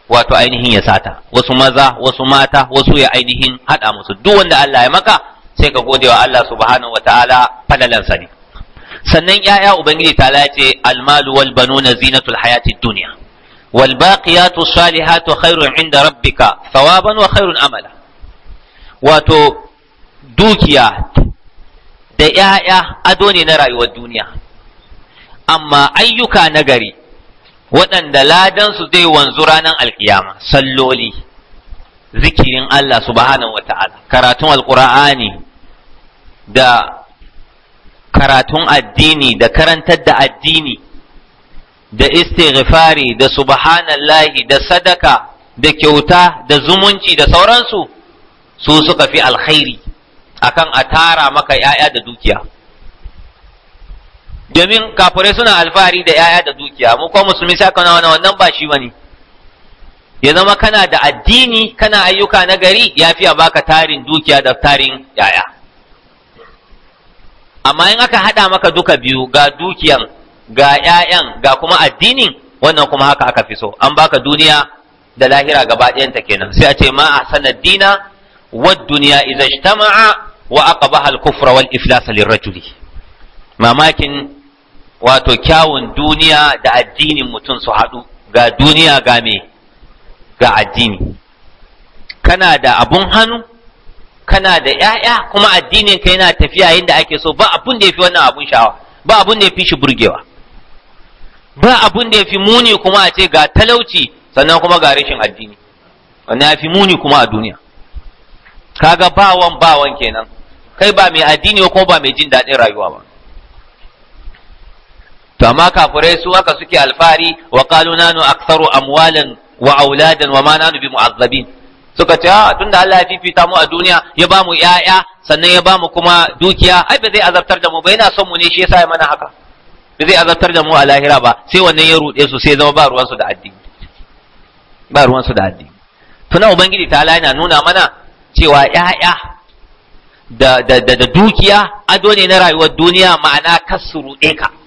wato ainihin ya sata wasu maza wasu mata wasu ya ainihin haɗa musu duk wanda Allah ya maka sai ka gode wa Allah subhanahu wataala falalansa ne sannan ya'ya ubangiji ta ce almalu wal banuna zinatul hayati dunya wal baqiyatu salihatu khairun inda rabbika thawaban wa khairun amala wato dukiya da ya'ya ado ne na rayuwar duniya amma ayyuka nagari waɗanda ladansu zai wanzu ranar alkiyama salloli zikirin Allah subhanahu wata'ala karatun alkur'ani da karatun addini da karantar da addini da istighfari da subhanallahi da sadaka da kyauta da zumunci da sauransu su suka fi alkhairi akan a tara maka ‘ya'ya da dukiya domin kafure suna alfahari da yaya da dukiya mu ko musulmi sai kana wannan wannan ba shi bane ya zama kana da addini kana ayyuka na gari ya a baka tarin dukiya da tarin yaya amma in aka haɗa maka duka biyu ga dukiyan ga yayan ga kuma addinin wannan kuma haka aka fi so an baka duniya da lahira gaba ɗayanta kenan sai a ce ma a sanar dina wa duniya idan wa aqbaha al-kufra wal iflasa lirrajuli mamakin wato kyawun duniya da addinin mutum su haɗu ga duniya ga me ga addini kana da abun hannu kana da ‘ya'ya kuma addinin ka yana tafiya yadda ake so ba abun da ya fi wannan abun sha'awa ba abun da ya fi shi burgewa ba abun da ya fi muni kuma a ce ga talauci sannan kuma ga rashin addini wannan ya fi muni kuma a duniya kaga bawan bawan kenan kai ba mai addini ko ba mai jin daɗin rayuwa ba to amma kafirai su haka suke alfahari wa qalu nanu aktharu amwalan wa auladan wa ma nanu bi mu'azzabin suka ce ah tunda Allah ya fifita mu a duniya ya bamu yaya sannan ya bamu kuma dukiya ai ba zai azabtar da mu ba yana son mu ne shi yasa ya mana haka ba zai azabtar da mu a lahira ba sai wannan ya rude su sai zama ba ruwan su da addini ba ruwan su da addini tuna ubangiji ta yana nuna mana cewa yaya da da da dukiya ado ne na rayuwar duniya ma'ana kasu rude ka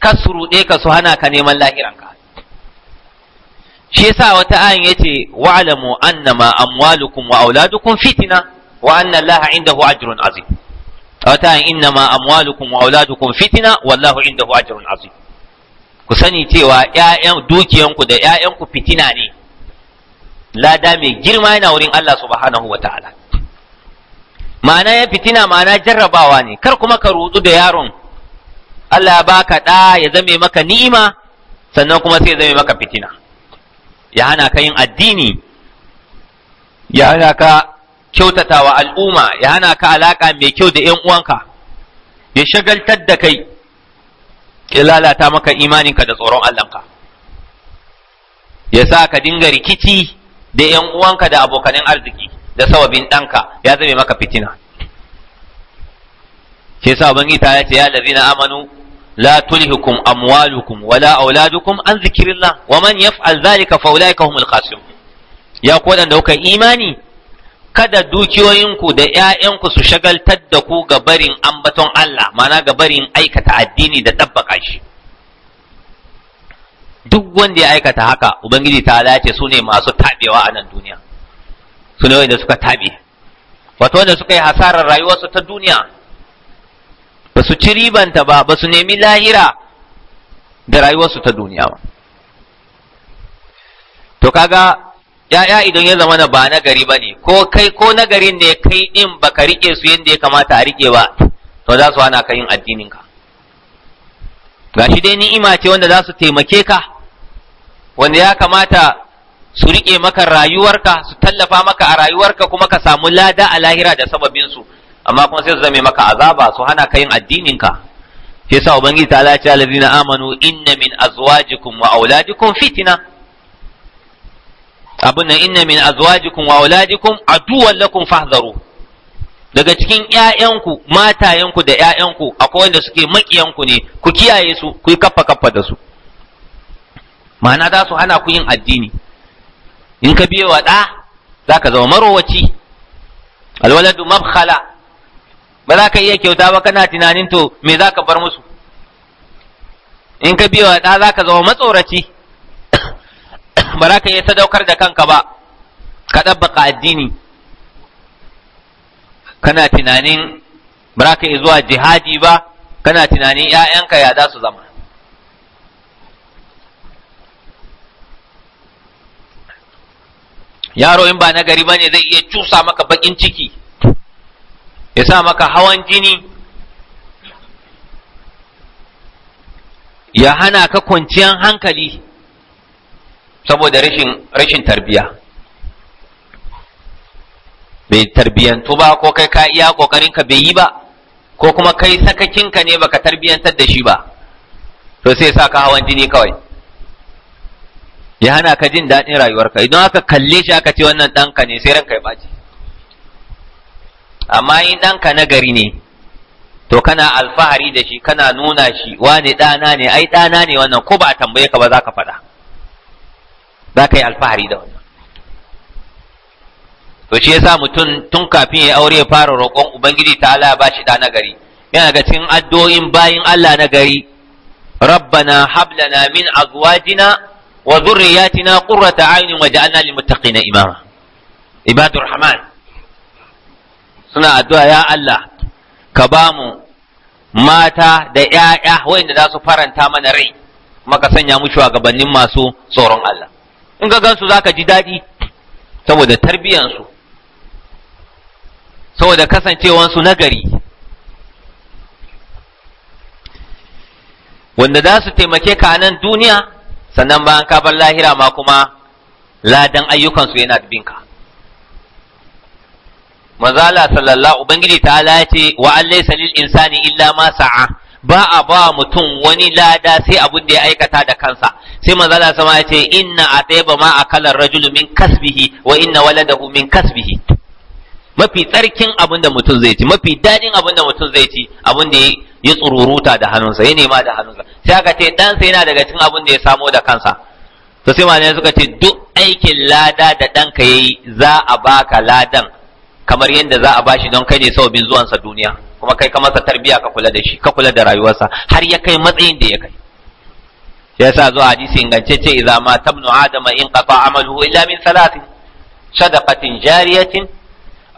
kar su ruɗe ka su hana ka neman lahiranka shi yasa wata ayin yace wa'lamu annama amwalukum wa auladukum fitna wa anna allaha indahu ajrun azim wata ayin innama amwalukum wa auladukum fitna wallahu indahu ajrun azim ku sani cewa ƴaƴan dukiyanku da ƴaƴanku fitina ne lada mai girma yana wurin Allah subhanahu wa ta'ala ma'ana ya fitina ma'ana jarrabawa ne kar kuma ka rudu da yaron Allah ya baka ɗa ya zame maka ni'ima sannan kuma sai ya zame maka fitina ya hana ka yin addini ya hana ka kyautata wa al'umma ya hana ka alaka mai kyau da ‘yan uwanka ya shagaltar da kai ya lalata maka imaninka da tsoron Allahnka ya sa ka dinga rikici da ‘yan uwanka da abokanin arziki da sawabin ɗanka ya zame maka fitina. Ke sa ubangiji ta ce ya amanu la tulhikum amwalukum wala auladukum an zikrillah wa man yaf'al dhalika fa ulaika humul khasirun ya ku wadanda kuka imani kada dukiyoyinku da 'ya'yanku su shagaltar da ku ga barin ambaton Allah ma'ana ga barin aikata addini da tabbaka shi duk wanda ya aikata haka ubangiji ta lace su ne masu tabewa a nan duniya su ne wanda suka tabe wato wanda suka yi hasarar rayuwarsu ta duniya ba su ci ribanta ba ba su nemi lahira da rayuwarsu ta duniya ba to kaga ya'ya idan ya zama na ba na gari ba ne ko kai ko na garin ne kai din baka rike su yadda ya kamata a rike ba to za su hana ka yin addininka shi dai ni'ima ce wanda za su taimake ka wanda ya kamata su rike maka rayuwarka su tallafa maka a rayuwarka kuma ka samu lada a lahira da sababinsu amma kuma sai su zame maka azaba su hana ka yin addinin ka sa ubangiji ta lalace na amanu inna min azwajikum wa auladikum fitna abun nan inna min azwajikum wa auladikum aduwwan lakum fahdharu daga cikin ƴaƴanku matayenku da ƴaƴanku akwai wanda suke makiyanku ne ku kiyaye su ku yi kaffa kaffa da su ma'ana za su hana ku yin addini in ka biye wa ɗa za ka zama marowaci alwaladu mabkhala ba za ka iya kyauta ba kana tunanin to me za ka bar musu in ka biyo ɗa za ka zama matsoraci ba za ka iya sadaukar da kanka ba ka ka addini kana tunanin ba za ka iya zuwa jihadi ba kana tunanin ‘ya'yanka ya za su zama yaro in ba nagari ba ne zai iya cusa maka baƙin ciki ya sa maka hawan jini ya hana ka kwanciyar hankali saboda rashin rashin tarbiya bai tarbiyantu ba ko kai ka iya kokarin ka bai yi ba ko kuma kai sakakinka ne baka tarbiyantar da shi ba to sai sa ka hawan jini kawai ya hana ka jin daɗin rayuwarka idan aka kalle shi aka ce wannan ɗanka ne sai ranka ya ɓaci amma in ɗanka nagari ne to kana alfahari da shi kana nuna shi wane ɗana ne ai ɗana ne wannan ko ba a tambaye ka ba za ka faɗa za ka yi alfahari da wannan to shi yasa mutum tun kafin ya aure fara roƙon ubangiji ta Allah ba shi ɗa nagari yana ga cikin addu'o'in bayin Allah nagari rabbana hablana min azwajina wa dhurriyyatina qurrata a'yunin waj'alna lil muttaqina imama ibadur rahman suna addu'a ya Allah ka ba mu mata da ‘ya'ya wa'inda za su faranta mana rai maka sanya mu shugabannin masu tsoron Allah in ga gansu za ka ji daɗi saboda tarbiyyansu saboda kasancewansu nagari wanda za su taimake ka nan duniya sannan bayan ka bar lahira ma kuma ladan ayyukansu yana dubinka mazala sallallahu ubangiji ta ce wa allai salil insani illa ma sa'a ba a ba mutum wani lada sai abin da ya aikata da kansa sai mazala sama ya ce inna atayba ma akala rajulu min kasbihi wa inna waladahu min kasbihi mafi tsarkin abin da mutum zai ci mafi dadin abin da mutum zai ci abin da ya tsururuta da hannunsa ya nema da hannunsa sai aka ce ɗansa yana daga cikin abin da ya samo da kansa to sai malamai suka ce duk aikin lada da ɗanka ya yi za a baka ladan kamar yadda za a bashi don kai ne sababin zuwansa duniya kuma kai ka masa tarbiya ka kula da shi ka kula da rayuwarsa har ya kai matsayin da ya kai Ya sa zuwa hadisi ingantacce idza ma tabnu adama in qata amaluhu illa min salatin sadaqatin jariyatin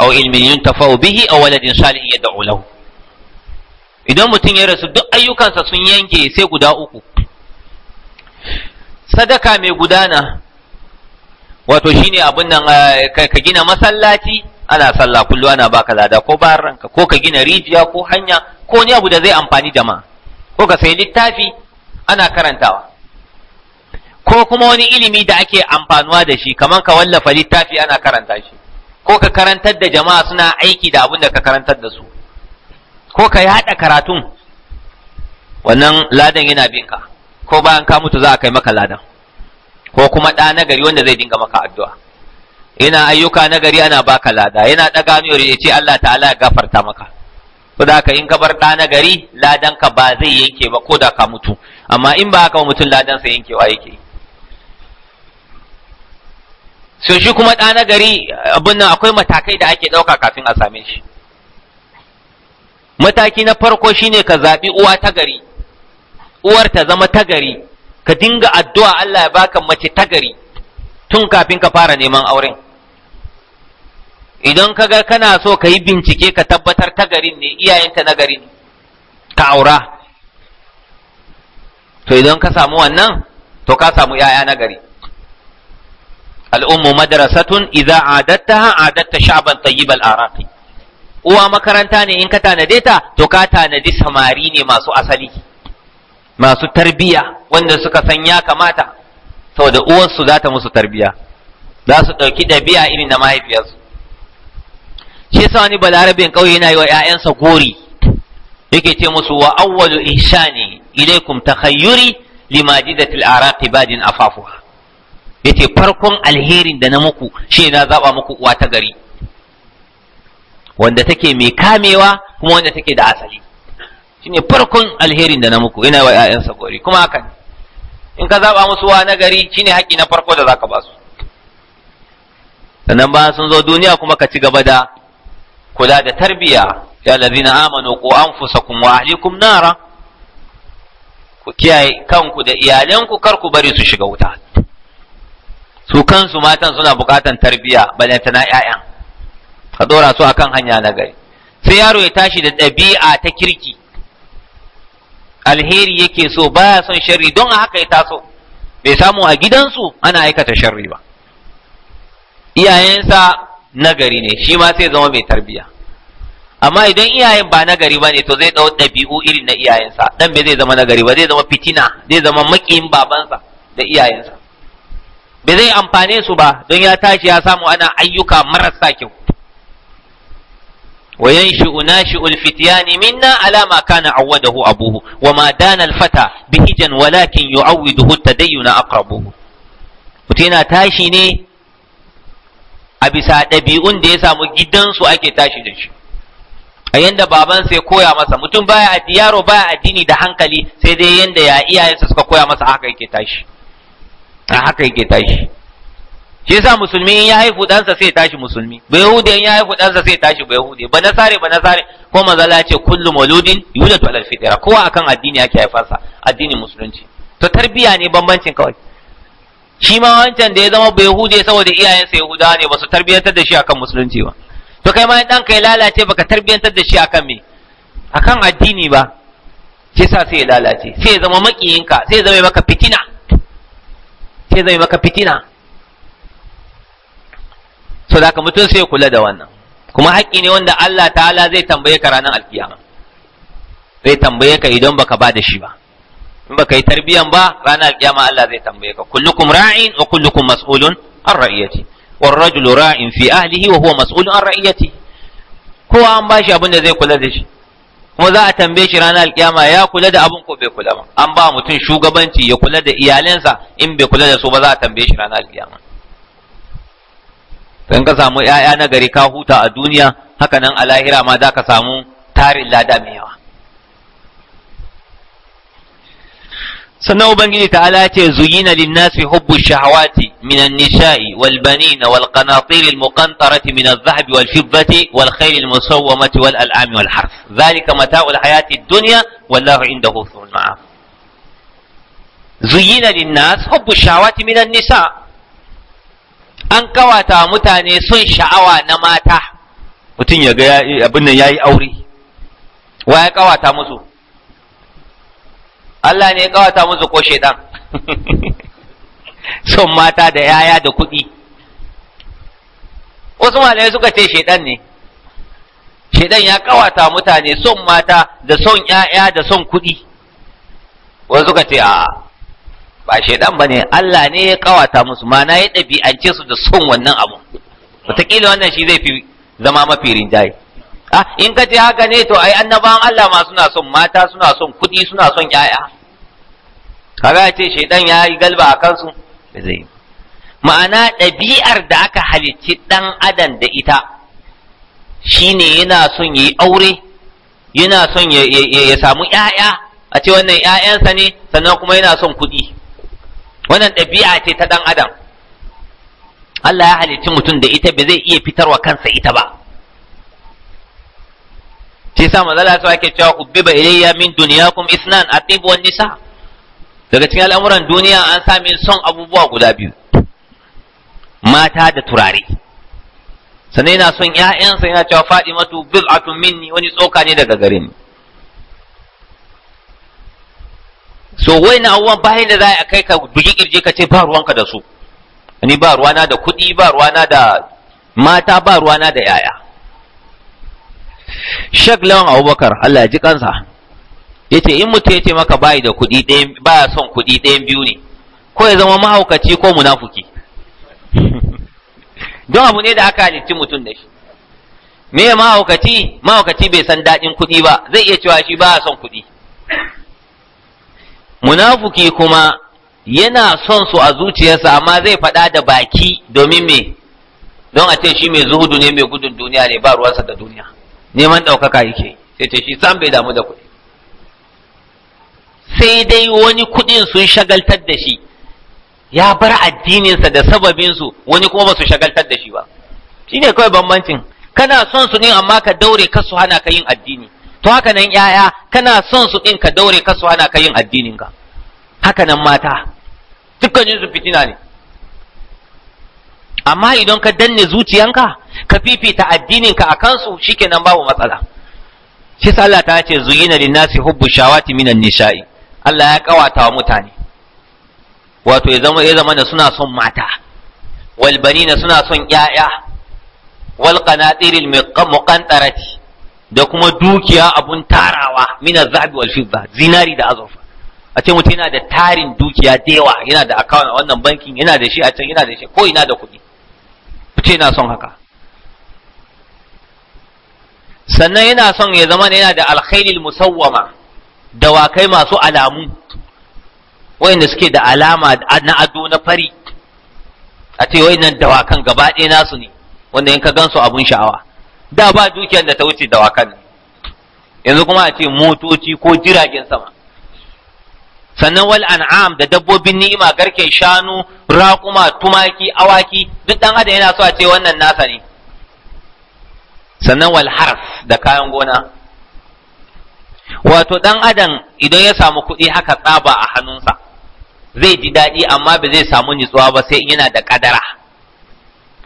aw ilmin yuntafa'u bihi aw waladin salih yad'u lahu idan mutum ya rasu duk ayyukansa sun yanke sai guda uku sadaka mai gudana wato shine abin nan eh, ka gina masallaci ana sallah kullu ana baka lada ko bayan ranka ko ka gina rijiya ko hanya ko wani abu da zai amfani jama'a ko ka sayi littafi ana karantawa ko kuma wani ilimi da ake amfanuwa da shi kamar ka wallafa littafi ana karanta shi ko ka karantar da jama'a suna aiki da abin da ka karantar da su ko ka yaɗa karatun wannan ladan yana bin ka ko bayan ka mutu za a kai maka ladan ko kuma ɗa na gari wanda zai dinga maka addu'a Ina ayyuka na gari ana baka lada yana daga miyo ya ce Allah ta'ala ya gafarta maka ko da ka in ka bar ɗa na gari ladan ka ba zai yanke ba ko da ka mutu amma in ba haka mutum ladan sa yankewa yake so shi kuma ɗa na gari abin nan akwai matakai da ake ɗauka kafin a same shi mataki na farko shine ka zaɓi uwa ta gari uwar ta zama ta gari ka dinga addu'a Allah ya baka mace ta gari tun kafin ka fara neman auren idan ka ga kana so ka yi bincike ka tabbatar ta garin ne iyayenta na garin ka aura to idan ka samu wannan to ka samu yaya na gari al'ummu madrasatun idza adattaha adatta sha'ban al araqi uwa makaranta ne in ka tanade ta to ka tanadi samari ne masu asali masu tarbiya wanda suka san ya kamata saboda uwarsu za ta musu tarbiya za su ɗauki ɗabi'a irin na mahaifiyarsu ke sa wani balarabin ƙauye yana yi wa ‘ya'yansa gori yake ce musu wa awwalu ihsani ilaikum takhayyuri limajidatil araqi badin afafuha yace farkon alherin da na muku shi na zaba muku uwa ta gari wanda take mai kamewa kuma wanda take da asali shine farkon alherin da na muku yana wa ‘ya'yansa gori kuma hakan in ka zaba musu wa na gari shine haƙi na farko da zaka ba su sannan ba sun zo duniya kuma ka ci gaba da kula da tarbiya ya lazina amanu ku anfusakum wa ahlikum nara ku kiyaye kanku da iyalanku kar ku bari su shiga wuta su kansu matan suna bukatan tarbiya balanta na ƴaƴan ka dora su akan hanya na gari sai yaro ya tashi da ɗabi'a ta kirki alheri yake so baya son sharri don a haka ya taso bai samu a gidansu ana aikata sharri ba iyayensa nagari ne shi ma sai zama mai tarbiya amma idan iyayen ba nagari ba ne to zai ɗau ɗabi'u irin na iyayensa ɗan bai zai zama nagari ba zai zama fitina zai zama maƙiyin babansa da iyayensa bai zai amfane su ba don ya tashi ya samu ana ayyuka marasa kyau wa yanshi'u nashi'ul fityani minna ala ma kana awwadahu abuhu wa ma dana al-fata bihijan walakin yu'awwiduhu tadayyuna aqrabuhu mutum yana tashi ne a bisa ɗabi'un da ya samu gidansu ake tashi da shi a yanda baban sai koya masa mutum baya addini yaro baya addini da hankali sai dai yanda ya iyayensa suka koya masa haka yake tashi a haka yake tashi shi yasa musulmi in ya haifu ɗansa sai tashi musulmi ba yahudi in ya haifu ɗansa sai tashi ba yahudi ba nasare ba nasare ko manzala ya ce kullu mauludin yulatu alal fitra kowa akan addini yake haifarsa addinin musulunci to tarbiya ne bambancin kawai shi ma wancan da ya zama bai hude saboda iyayensa yahudawa ne ba su tarbiyyantar da shi akan musulunci ba to kai ma in ɗanka ya lalace baka tarbiyyantar da shi akan me akan addini ba ke sa sai ya lalace sai ya zama maƙiyinka sai ya zama maka fitina sai ya zama maka fitina so da mutum sai ya kula da wannan kuma haƙƙi ne wanda Allah ta'ala zai tambaye ka ranar alkiyama zai tambaye ka idan baka ba da shi ba in baka yi tarbiyan ba ranar alƙiyama Allah zai tambaye ka kullukum ra'in wa kullukum mas'ulun an ra'iyati wal rajulu ra'in fi ahlihi wa huwa mas'ulun an ra'iyati kowa an bashi abin da zai kula da shi kuma za a tambaye shi ranar alƙiyama ya kula da abin ko bai kula ba an ba mutum shugabanci ya kula da iyalansa in bai kula da su ba za a tambaye shi ranar alƙiyama. in ka samu 'ya'ya na gari ka huta a duniya haka nan a lahira ma za ka samu tarin lada mai yawa sannan ubangiji ta'ala ce zuyina linnasi hubbu shahawati min an-nisa'i wal banina wal qanatir al muqantarati min adh-dhahabi wal fiddati wal khayl al musawwamati wal al'ami wal harf dhalika mata'u al hayati ad-dunya wallahu indahu husnul ma'ab zuyina linnas hubbu shahawati min an-nisa an kawata mutane sun sha'awa na mata mutum ya ga abin nan yayi aure wa ya kawata musu Allah ne ya kawata musu ko shaidan son mata da yaya da kuɗi wasu malamai suka ce shaidan ne shaidan ya kawata mutane son mata da son yaya da son kuɗi wasu suka ce a ba shaidan ba ne Allah ne ya kawata musu mana ya ɗabi'ance su da son wannan abu wataƙila wannan shi zai fi zama mafi rinjaye ah, in ka ce haka ne to ai annabawan Allah ma suna son mata suna son kuɗi suna son yaya. kaga ya ce shaidan ya yi galba a kansu da zai ma'ana ɗabi'ar da aka halicci ɗan adam da ita shine yana son ya yi aure yana son ya samu ‘ya'ya a ce wannan ‘ya'yansa ne sannan kuma yana son kuɗi wannan ɗabi'a ce ta ɗan adam Allah ya halicci mutum da ita ba zai iya fitarwa kansa ita ba shi sa manzala su ake cewa ku biba ilayya min duniyakum isnan atib wan nisa' daga cikin al'amuran duniya an sami son abubuwa guda biyu mata da turare sannan yana son ‘ya'yansa yana cewa bil bil'atun minni wani tsoka ne daga gare ni so wai na abubuwan bayan da za kai ka bugi kirje ka ce ba ruwanka da su ni ba ruwana da kuɗi ba ruwana da mata ba ruwana da ‘ya'ya shag lawan abubakar allah ya ji kansa yace in mutum yace maka bai da kuɗi ɗaya baya son kuɗi ɗayan biyu ne ko ya zama mahaukaci ko munafuki don abu ne da aka halitti mutum da shi me mahaukaci mahaukaci bai san daɗin kuɗi ba zai iya cewa shi baya son kuɗi munafuki kuma yana son su a zuciyarsa amma zai faɗa da baki domin me don a ce shi mai zuhudu ne mai gudun duniya ne ba ruwansa da duniya neman ɗaukaka yake sai ce shi sam bai damu da kuɗi sai dai wani kuɗin sun shagaltar da shi ya bar addininsa da sababinsu wani kuma ba su shagaltar da shi ba shi ne kawai bambancin kana son su ne amma ka daure ka su hana ka yin addini to haka nan ‘ya'ya kana son su ɗin ka daure ka su hana ka yin addinin ka haka nan mata dukkanin su fitina ne amma idan ka danne zuciyanka ka fifita addinin ka akan su shikenan babu matsala shi sallah ta ce zuyina linnasi hubbu shawati minan nisha'i. Allah ya kawata wa mutane wato ya zama ya zama da suna son mata walbani na suna son ƴaƴa wal qanatiril muqantarati da kuma dukiya abun tarawa min az-zahabi wal fidda zinari da azurfa a ce mutum yana da tarin dukiya da yawa yana da account a wannan bankin yana da shi a can yana da shi ko ina da kuɗi mutum yana son haka sannan yana son ya zama yana da alkhairil musawwama dawakai masu alamu wayanda suke da alama na ado na fari a ce nan dawakan gaba ɗaya nasu ne wanda in ka gansu abun sha'awa da ba dukiyar da ta wuce dawakan yanzu kuma a ce motoci ko jiragen sama sannan wal an'am da dabbobin ni'ima garke, shanu raƙuma tumaki awaki duk ɗan adam yana so a ce wannan nasa ne sannan wal harf da kayan gona wato dan adam idan ya samu kuɗi haka tsaba a hannunsa zai ji daɗi amma ba zai samu nitsuwa ba sai yana da kadara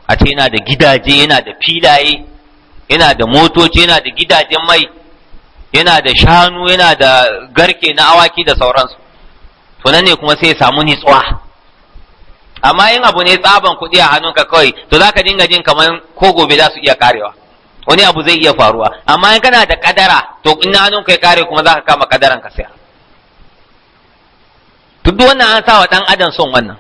a ce yana da gidaje yana da filaye yana da motoci yana da gidajen mai yana da shanu yana da garke na awaki da sauransu to nan ne kuma sai ya samu nitsuwa amma in abu ne tsaban kuɗi a hannunka kawai to za ka dinga jin kamar ko gobe za su iya karewa wani abu zai iya faruwa amma in kana da kadara to in hannun ya kare kuma za ka kama kadaran ka saya. duk wannan an sa wa dan adam son wannan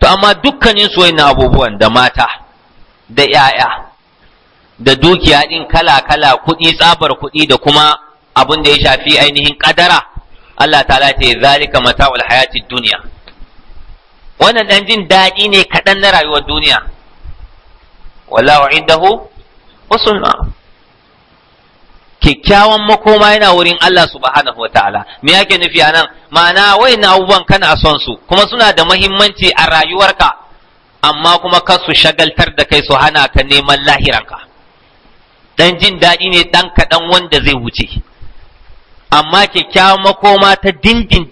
to amma dukkanin su wayannan abubuwan da mata da yaya da dukiya din kala kala kuɗi tsabar kuɗi da kuma abin da ya shafi ainihin kadara Allah ta ya zalika mata'ul hayatid duniya wannan dan jin daɗi ne kaɗan na rayuwar duniya wa indahu husna kyakkyawan makoma yana wurin Allah subhanahu wataala me yake nufi anan ma'ana na abubuwan kana son su kuma suna da muhimmanci a rayuwarka amma kuma kar su shagaltar da kai su hana ka neman lahiranka dan jin daɗi ne ɗan kaɗan wanda zai wuce amma kyakkyawan makoma ta dindin